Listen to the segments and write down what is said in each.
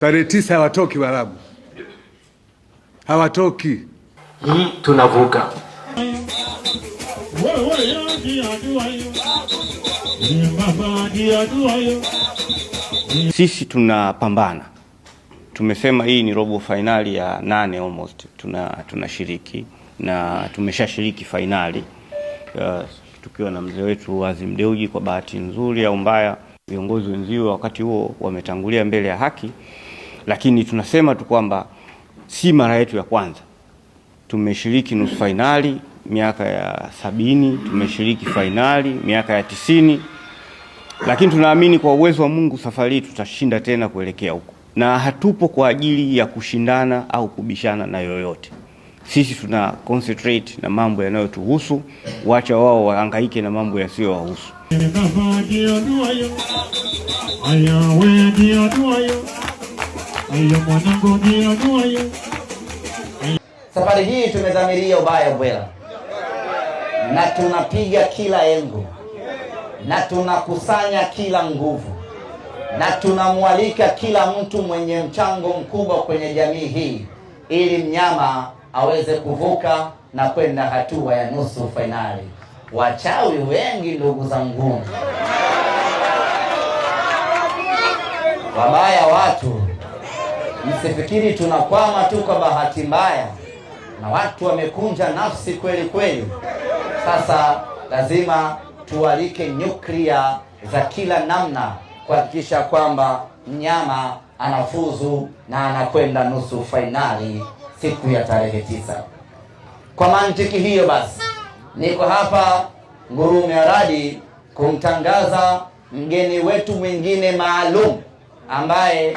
Tarehe tisa hawatoki Waarabu, hawatoki hii tunavuka sisi tunapambana. Tumesema hii ni robo fainali ya nane almost tunashiriki, na tumeshashiriki fainali uh, tukiwa na mzee wetu Azim Deuji. Kwa bahati nzuri au mbaya, viongozi wenziwe wakati huo wametangulia mbele ya haki lakini tunasema tu kwamba si mara yetu ya kwanza. Tumeshiriki nusu fainali miaka ya sabini, tumeshiriki fainali miaka ya tisini, lakini tunaamini kwa uwezo wa Mungu safari hii tutashinda tena kuelekea huko, na hatupo kwa ajili ya kushindana au kubishana na yoyote. Sisi tuna concentrate na mambo yanayotuhusu, wacha wao wahangaike na mambo yasiyowahusu. Safari hii tumedhamiria ubaya bwela, na tunapiga kila engo, na tunakusanya kila nguvu, na tunamwalika kila mtu mwenye mchango mkubwa kwenye jamii hii, ili mnyama aweze kuvuka na kwenda hatua ya nusu fainali. Wachawi wengi, ndugu zangu, wabaya watu Msifikiri tunakwama tu kwa bahati mbaya, na watu wamekunja nafsi kweli kweli. Sasa lazima tualike nyuklia za kila namna kuhakikisha kwamba mnyama anafuzu na anakwenda nusu fainali siku ya tarehe tisa. Kwa mantiki hiyo basi, niko hapa Ngurume Aradi kumtangaza mgeni wetu mwingine maalum ambaye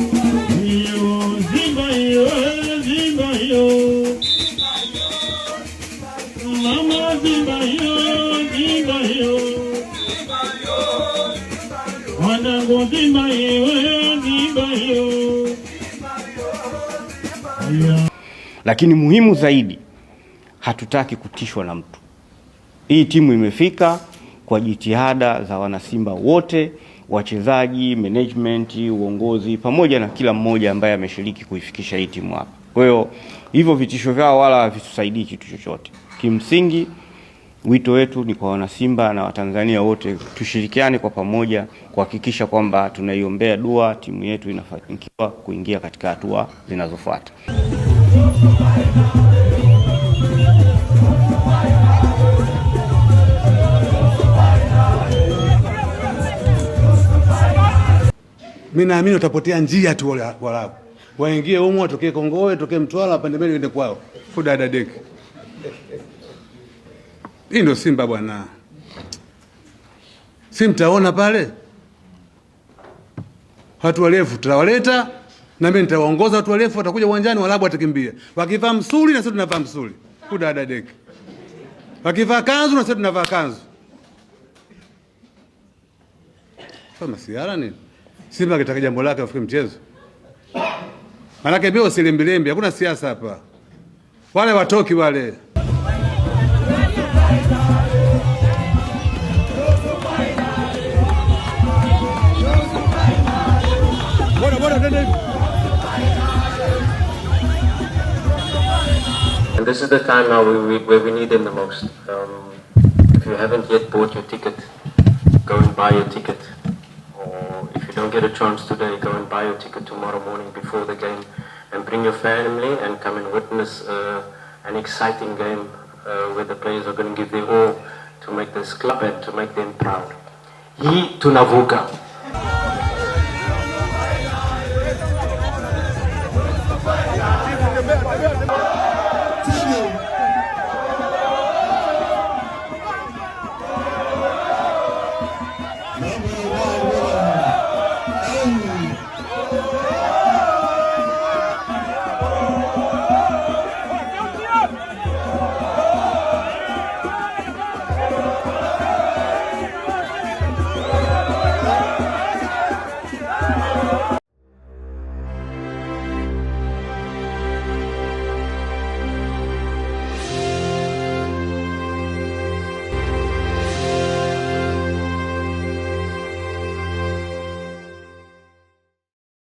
Mama mwanangu Lakini muhimu zaidi, hatutaki kutishwa na mtu. Hii timu imefika kwa jitihada za wanasimba wote, wachezaji, management, uongozi pamoja na kila mmoja ambaye ameshiriki kuifikisha hii timu hapa. Kwa hiyo hivyo vitisho vyao wala havitusaidii kitu chochote. Kimsingi wito wetu ni kwa wanasimba na Watanzania wote tushirikiane kwa pamoja kuhakikisha kwamba tunaiombea dua timu yetu inafanikiwa kuingia katika hatua zinazofuata. Mimi naamini watapotea njia tu, wala waingie humo, watokee Kongowe, watokee Mtwara, wapande ende kwao fudadadeki. Hii ndio Simba bwana, si mtaona pale watu warefu tutawaleta na mimi nitawaongoza watu warefu, watakuja uwanjani, walabu watakimbia. Wakivaa msuli na sisi tunavaa msuli, kudada deki. Wakivaa kanzu na sisi tunavaa kanzu. Kama siara ni Simba akitaka jambo lake afike mchezo. Maanake mbio silimbilimbi, hakuna siasa hapa. Wale watoki wale. And this is the time now we, we, where we need them the most. Um, if you haven't yet bought your ticket, go and buy your ticket. Or if you don't get a chance today, go and buy your ticket tomorrow morning before the game. And bring your family and come and witness uh, an exciting game uh, where the players are going to give their all to make this club and to make them proud. He to Navuka.